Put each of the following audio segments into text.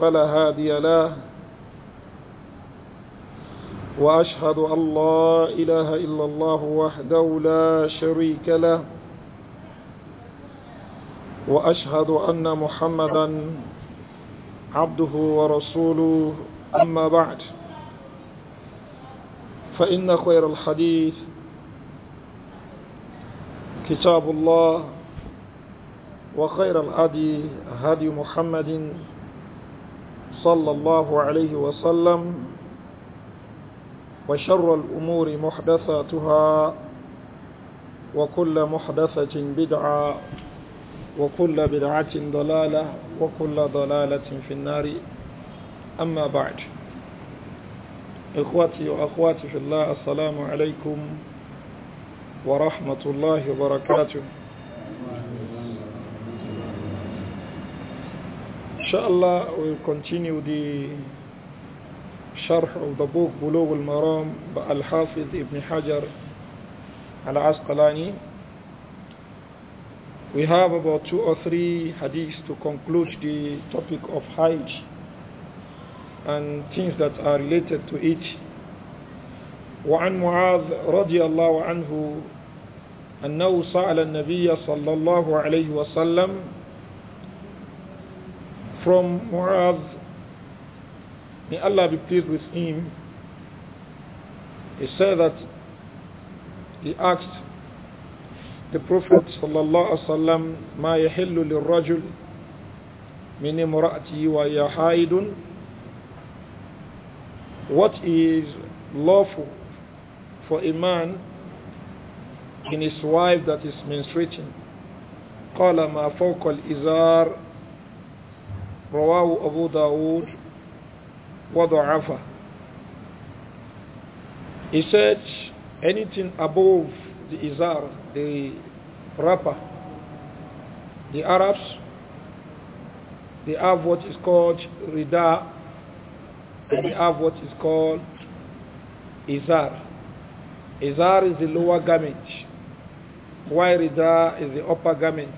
فلا هادي له وأشهد أن لا إله إلا الله وحده لا شريك له وأشهد أن محمدا عبده ورسوله أما بعد فإن خير الحديث كتاب الله وخير الأدي هدي محمد صلى الله عليه وسلم وشر الأمور محدثاتها وكل محدثة بدعة وكل بدعة ضلالة وكل ضلالة في النار أما بعد إخوتي وأخواتي في الله السلام عليكم ورحمة الله وبركاته شاء Inshallah, we'll continue the شرح of the book بلوغ المرام الحافظ ابن حجر على عسقلاني We have about two or three hadiths to conclude the topic of Hajj and things that are related to it. وعن معاذ رضي الله عنه أنه سأل النبي صلى الله عليه وسلم from Muaz, may Allah be pleased with him, he said that he asked the Prophet وسلم, ما يحل للرجل من امرأته وهي حائض What is lawful for a man in his wife that is menstruating? قال ما فوق الإزار رواه أبو داود وضعفه he said anything above the izar the wrapper the Arabs they have what is called rida and they have what is called izar izar is the lower garment while rida is the upper garment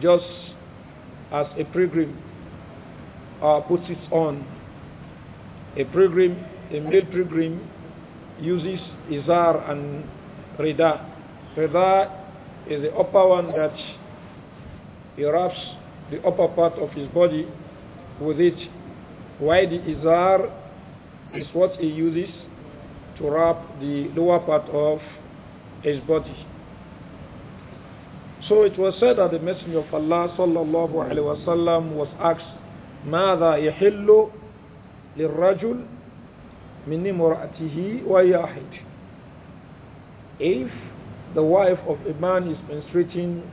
just as a pilgrim uh, puts it on. A pilgrim, a male pilgrim, uses izar and rida. Rida is the upper one that he wraps the upper part of his body with it. While the izar is what he uses to wrap the lower part of his body. So it was said that the Messenger of Allah sallallahu alaihi wasallam was asked, ماذا يحل للرجل من wa yahid?" If the wife of a man is menstruating,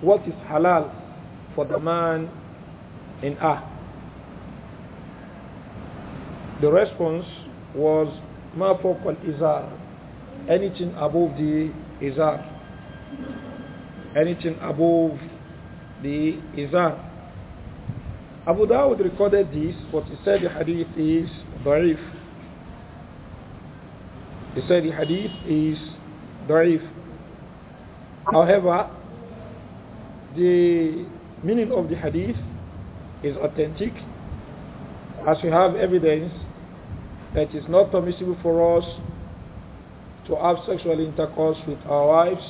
what is halal for the man in Ah? The response was ما فوق الإزار anything above the izar anything above the Izan. Abu Dawud recorded this, but he said the hadith is da'if. He said the hadith is da'if. However, the meaning of the hadith is authentic as we have evidence that it's not permissible for us to have sexual intercourse with our wives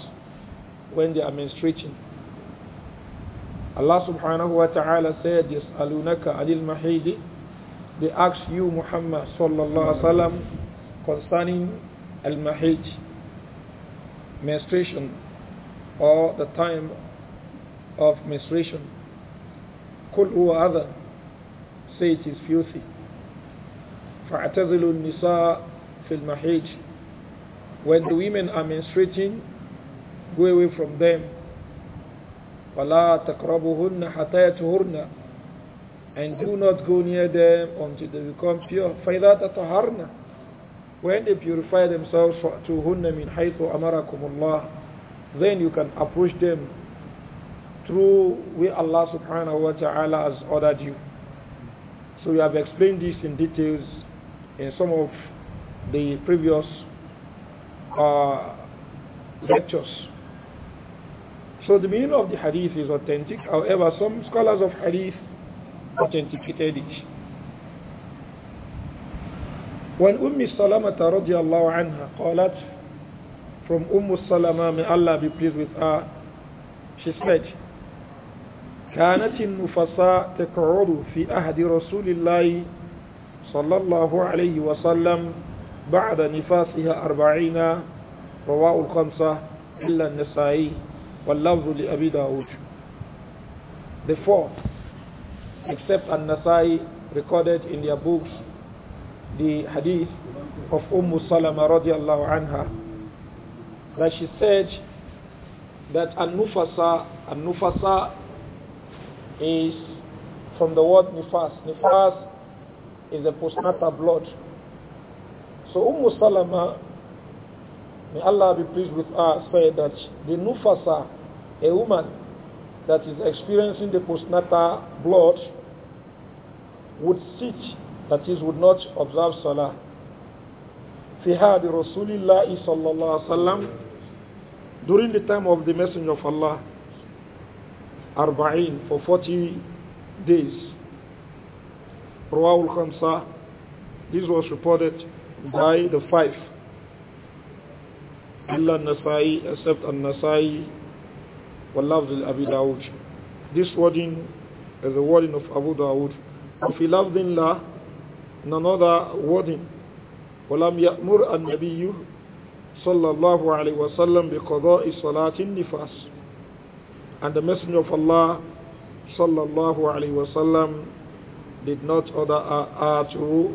when they are menstruating. Allah subhanahu wa ta'ala said, يَسْأَلُونَكَ عَنِ الْمَحِيدِ They ask you, Muhammad sallallahu alaihi wasallam, concerning al-mahid, menstruation, or the time of menstruation. قُلْ هُوَ other Say it is filthy. فَاعْتَزِلُوا النِّسَاءَ فِي الْمَحِيدِ When the women are menstruating, Go away from them. وَلَا تَقْرَبُهُنَّ حَتَى يَتْهُرْنَ And do not go near them until they become pure. فَإِذَا تَطَهَرْنَ When they purify themselves فَأْتُوهُنَّ مِنْ حَيْثُ أَمَرَكُمُ اللَّهُ Then you can approach them through where Allah subhanahu wa ta'ala has ordered you. So we have explained this in details in some of the previous uh, lectures. So the meaning of the hadith is authentic. However, some scholars of hadith authenticated it. When Umm Salamah radiallahu anha qalat, from Umm Salamah, may Allah be pleased with her, she said, كانت النفساء تقعد في أهد رسول الله صلى الله عليه وسلم بعد نفاسها أربعين رواه الخمسة إلا النسائي واللفظ لأبي داود The fourth, except An-Nasai recorded in their books the hadith of Umm Salama radiallahu anha that she said that An-Nufasa, An-Nufasa is from the word Nifas. Nifas is the postnatal blood. So Umm Salama May Allah be pleased with us. said that the Nufasa, a woman that is experiencing the postnatal blood, would sit, that is, would not observe Salah. في هذا رسول الله صلى الله عليه وسلم during the time of the messenger of Allah أربعين for 40 days رواه الخمسة this was reported by the five إلا النسائي except النسائي واللفظ أبي داود this wording is the wording of Abu Dawud وفي لفظ لا in another wording ولم يأمر النبي صلى الله عليه وسلم بقضاء صلاة النفاس and the messenger of Allah sallallahu alaihi wasallam, did not order her to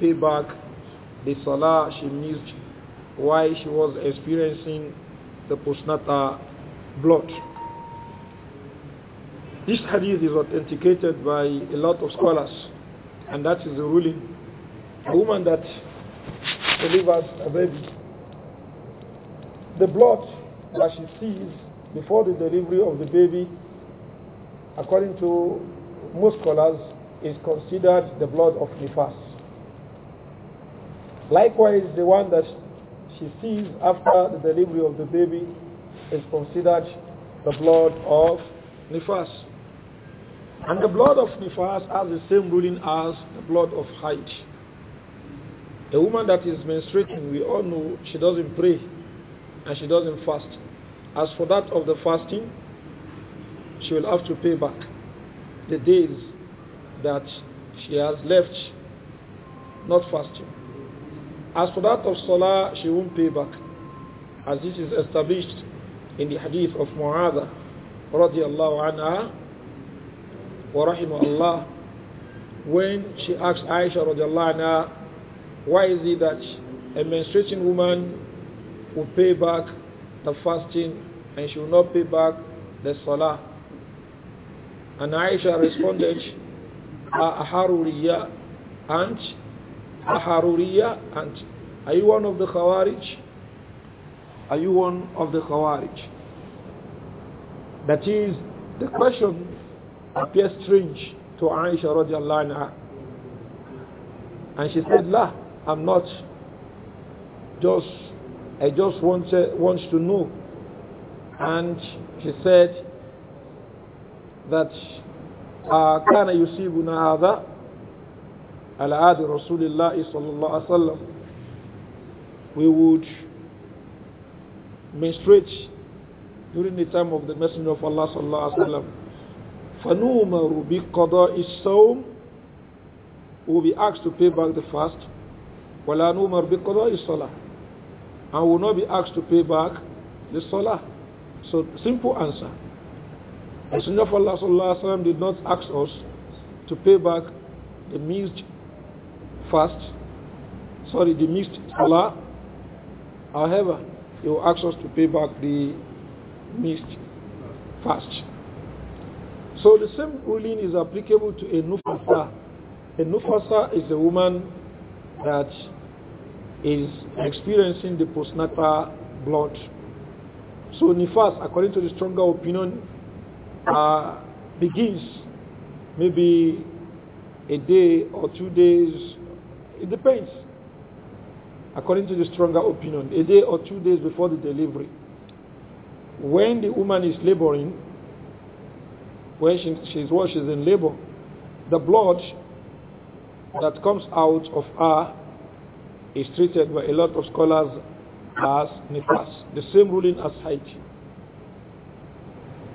pay back the salah she missed why she was experiencing the postnatal blood. This hadith is authenticated by a lot of scholars, and that is the ruling. A woman that delivers a baby, the blood that she sees before the delivery of the baby, according to most scholars, is considered the blood of nifas. Likewise, the one that she sees after the delivery of the baby is considered the blood of Nifas. And the blood of Nifas has the same ruling as the blood of Haid. A woman that is menstruating, we all know she doesn't pray and she doesn't fast. As for that of the fasting, she will have to pay back the days that she has left not fasting. As for that of Salah, she won't pay back. As this is established in the hadith of Mu'adha radiallahu anha wa rahimahullah when she asked Aisha radiallahu anha why is it that a menstruating woman will pay back the fasting and she will not pay back the salah and Aisha responded aharu riya and Haruriya? And are you one of the Khawarij? Are you one of the Khawarij? That is, the question appears strange to Aisha radiallahu anha. And she said, La, I'm not. Just, I just want to, uh, want to know. And she said that, كان يصيبنا هذا على adi Rasulillah الله صلى الله we would menstruate during the time of the messenger of Allah صلى الله عليه وسلم فنؤمر بقضاء الصوم will be asked to pay back the fast ولا نؤمر بقضاء salah, and will not be asked to pay back the salah so simple answer The Messenger of Allah sallallahu alaihi wasallam did not ask us to pay back the missed fast, sorry, the missed salah. However, he will ask us to pay back the missed fast. So the same ruling is applicable to a nufasa. A nufasa is a woman that is experiencing the postnatal blood. So nifas, according to the stronger opinion, uh, begins maybe a day or two days it depends. According to the stronger opinion, a day or two days before the delivery. When the woman is laboring, when she, she's while she's in labor, the blood that comes out of her is treated by a lot of scholars as nifas. The same ruling as Haiti.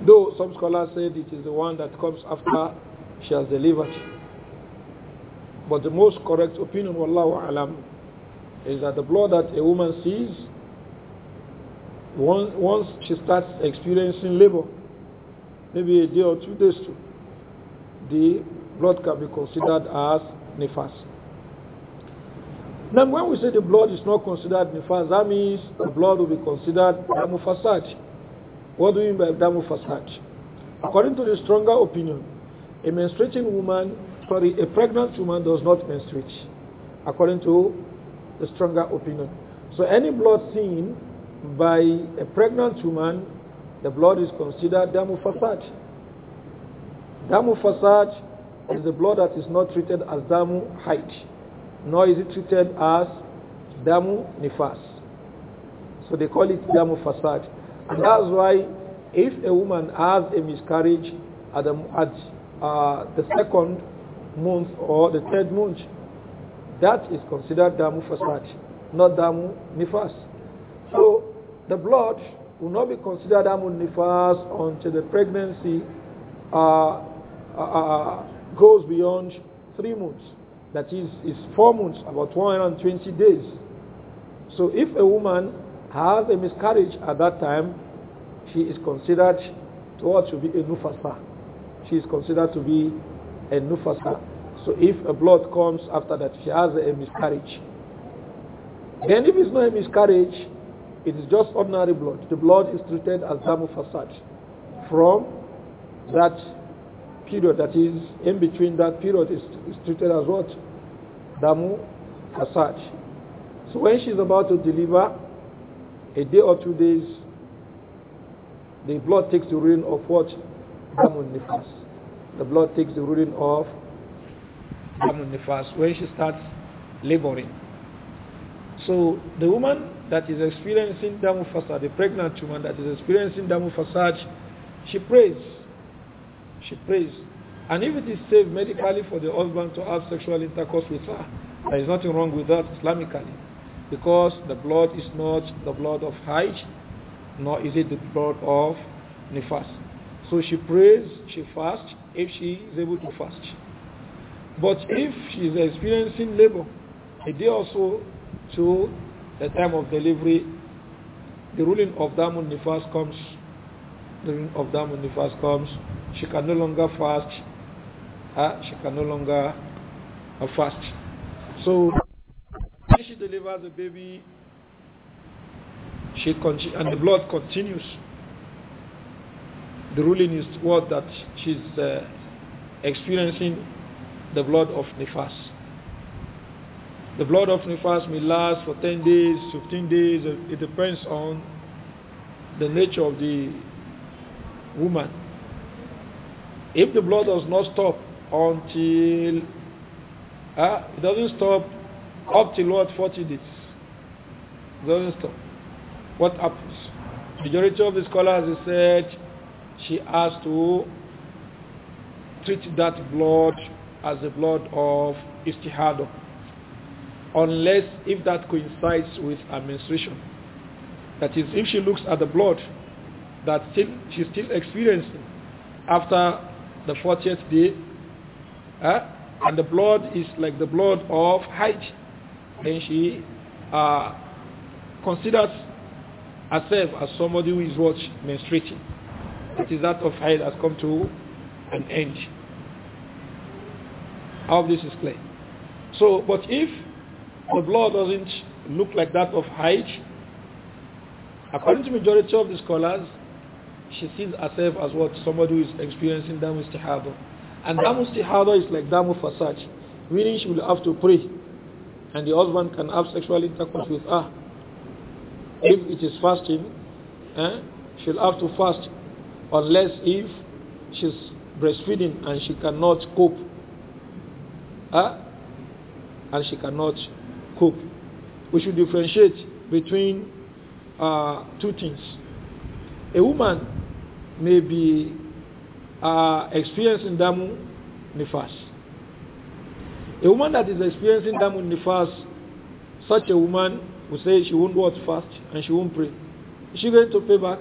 Though some scholars said it is the one that comes after she has delivered. But the most correct opinion, wallahu alam, is that the blood that a woman sees, once, she starts experiencing labor, maybe a day or two days, too, the blood can be considered as nifas. Now, when we say the blood is not considered nifas, that means the blood will be considered damu fasad. What do you mean by damu fasad? According to the stronger opinion, a menstruating woman sorry, a pregnant woman does not menstruate, according to the stronger opinion. So any blood seen by a pregnant woman, the blood is considered damu fasad. Damu fasad is the blood that is not treated as damu haid, nor is it treated as damu nifas. So they call it damu fasad. And that's why if a woman has a miscarriage at the, at, uh, the second month or the third month. That is considered damu fasad, not damu nifas. So the blood will not be considered damu nifas until the pregnancy uh, uh, uh goes beyond three months. That is, is four months, about 120 days. So if a woman has a miscarriage at that time, she is considered to what to be a nufasa. She is considered to be and nufasa. So if a blood comes after that, she has a miscarriage. Then if it's not a miscarriage, it is just ordinary blood. The blood is treated as damu fasad from that period that is in between that period is, is treated as what? Damu fasad. So when she's about to deliver, a day or two days, the blood takes the urine of what? Damu nifas the blood takes the ruling the Nifas when she starts laboring. So the woman that is experiencing Damu Fasad, the pregnant woman that is experiencing Damu Fasad, she prays. She prays. And if it is safe medically for the husband to have sexual intercourse with her, there is nothing wrong with that Islamically. Because the blood is not the blood of Hajj, nor is it the blood of Nifas. So she prays, she fasts, if she is able to fast. But if she is experiencing labor, a day or so to the time of delivery, the ruling of Damun Nifas comes, the ruling of Damun Nifas comes, she can no longer fast, uh, she can no longer uh, fast. So when she delivers the baby, she and the blood continues the ruling is what that she's uh, experiencing the blood of nifas. The blood of nifas may last for 10 days, 15 days, it depends on the nature of the woman. If the blood does not stop until uh, it doesn't stop up till what 40 days, it doesn't stop. What happens? Majority of the scholars have said she has to treat that blood as the blood of istihada unless if that coincides with her menstruation that is if she looks at the blood that still, she's still experiencing after the 40th day eh? and the blood is like the blood of Hajj then she uh, considers herself as somebody who is what menstruating that is that of Haid has come to an end. All this is clear. So, but if the blood doesn't look like that of height, according to majority of the scholars, she sees herself as what somebody who is experiencing damu istihada. And damu istihada is like damu fasaj, meaning she will have to pray. And the husband can have sexual intercourse with her. If it is fasting, eh, she'll have to fast unless if she's breastfeeding and she cannot cope. Huh? And she cannot cope. We should differentiate between uh, two things. A woman may be uh, experiencing damu nifas. A woman that is experiencing damu nifas, such a woman will say she won't watch fast and she won't pray. Is she going to pay back?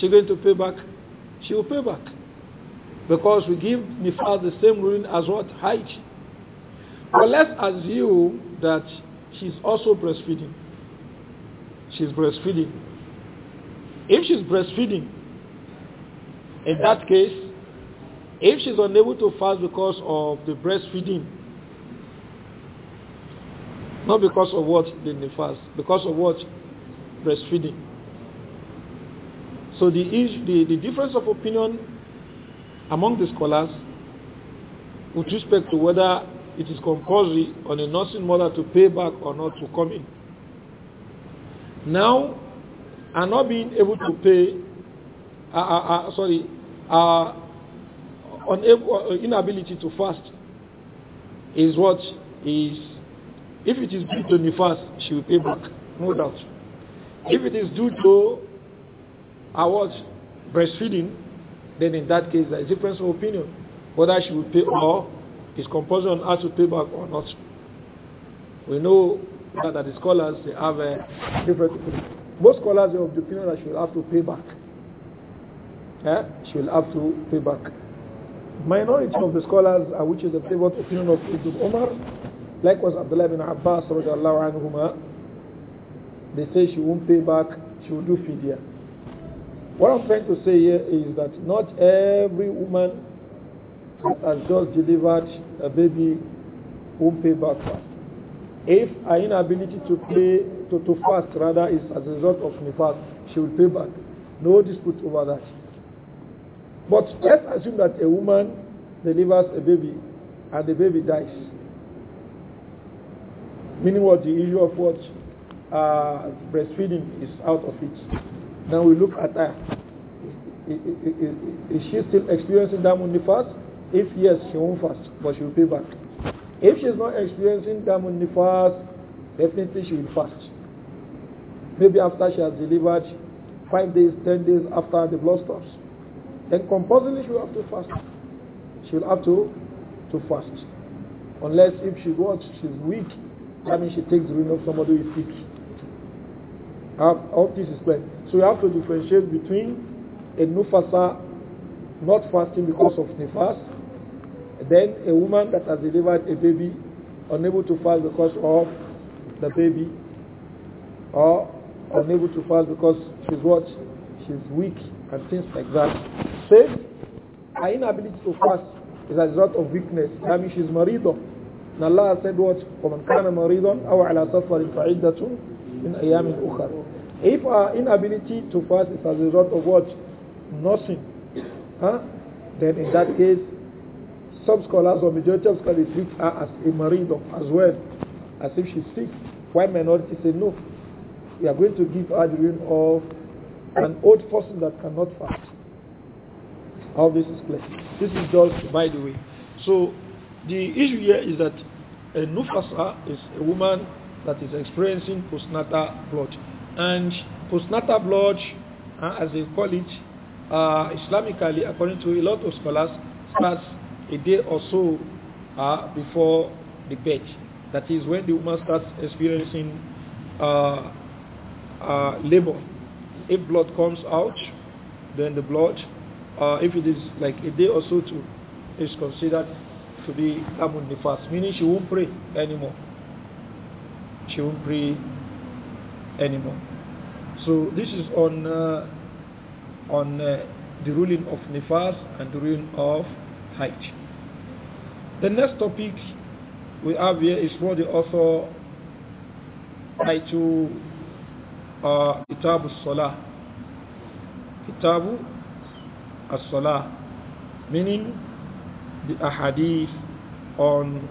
she going to pay back? She will pay back. Because we give Nifas the same ruling as what? Hajj. But let's assume that she's also breastfeeding. She's breastfeeding. If she's breastfeeding, in that case, if she's unable to fast because of the breastfeeding, not because of what the fast, because of what breastfeeding, so the, the, the difference of opinion among the scholars with respect to whether it is compulsory on a nursing mother to pay back or not to come in. Now, are not being able to pay, uh, uh, uh, sorry, unable, uh, inability to fast is what is, if it is due to nifas, she will pay back, no doubt. If it is due to awards breastfeeding, then in that case, there is difference of opinion whether she will pay or is compulsory on her to pay back or not. We know that, the scholars they have a different opinion. Most scholars are of the opinion that she will have to pay back. Yeah, She will have to pay back. Minority of the scholars, are, uh, which is the favored opinion of Ibn Omar, likewise Abdullah bin Abbas, anhuma, they say she won't pay back, she will do fidyah. What I'm trying to say here is that not every woman has just delivered a baby will pay back fast. If her inability to pay to, to fast rather is as a result of nifas, she will pay back. No dispute over that. But let's assume that a woman delivers a baby and the baby dies. Meaning what the issue of what uh, breastfeeding is out of it. Then we look at her. Uh, is, she still experiencing Damun fast? If yes, she won't fast, but she will pay back. If she's not experiencing Damun fast, definitely she will fast. Maybe after she has delivered five days, ten days after the blood stops. Then compulsively she will have to fast. She will have to, to fast. Unless if she wants, she's weak, that means she takes the ring of somebody who is sick. I hope this is clear. So you have to differentiate between a nufasa not fasting because of nifas, then a woman that has delivered a baby unable to fast because of the baby, or unable to fast because she's what? She's weak and things like that. Says, her inability to fast is a result of weakness. That means she's marido. And Allah said what? وَمَنْ كَانَ مَرِيضًا أَوْ عَلَى سَفَرٍ فَعِدَّةٌ مِنْ أَيَّامٍ أُخَرٍ if our inability to fast is as a result of what? Nothing. Huh? Then in that case, some scholars or majority of scholars treat her as a marido as well, as if she's sick. Why minority say no? We are going to give her the ruin of an old person that cannot fast. All this is clear. This is just by the way. So the issue here is that a nufasa is a woman that is experiencing postnatal blood. And postnatal blood, uh, as they call it, uh, Islamically, according to a lot of scholars, starts a day or so uh, before the birth. That is when the woman starts experiencing uh, uh, labor. If blood comes out, then the blood, uh, if it is like a day or so too, is considered to be the Nifas, meaning she won't pray anymore. She won't pray anymore. So this is on uh, on uh, the ruling of nifas and the ruling of hajj. The next topic we have here is what the author titled uh, Itabu Salah. Kitabu As-Salah meaning the ahadith on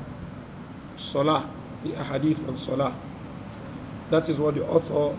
Salah, the ahadith on Salah. That is what the author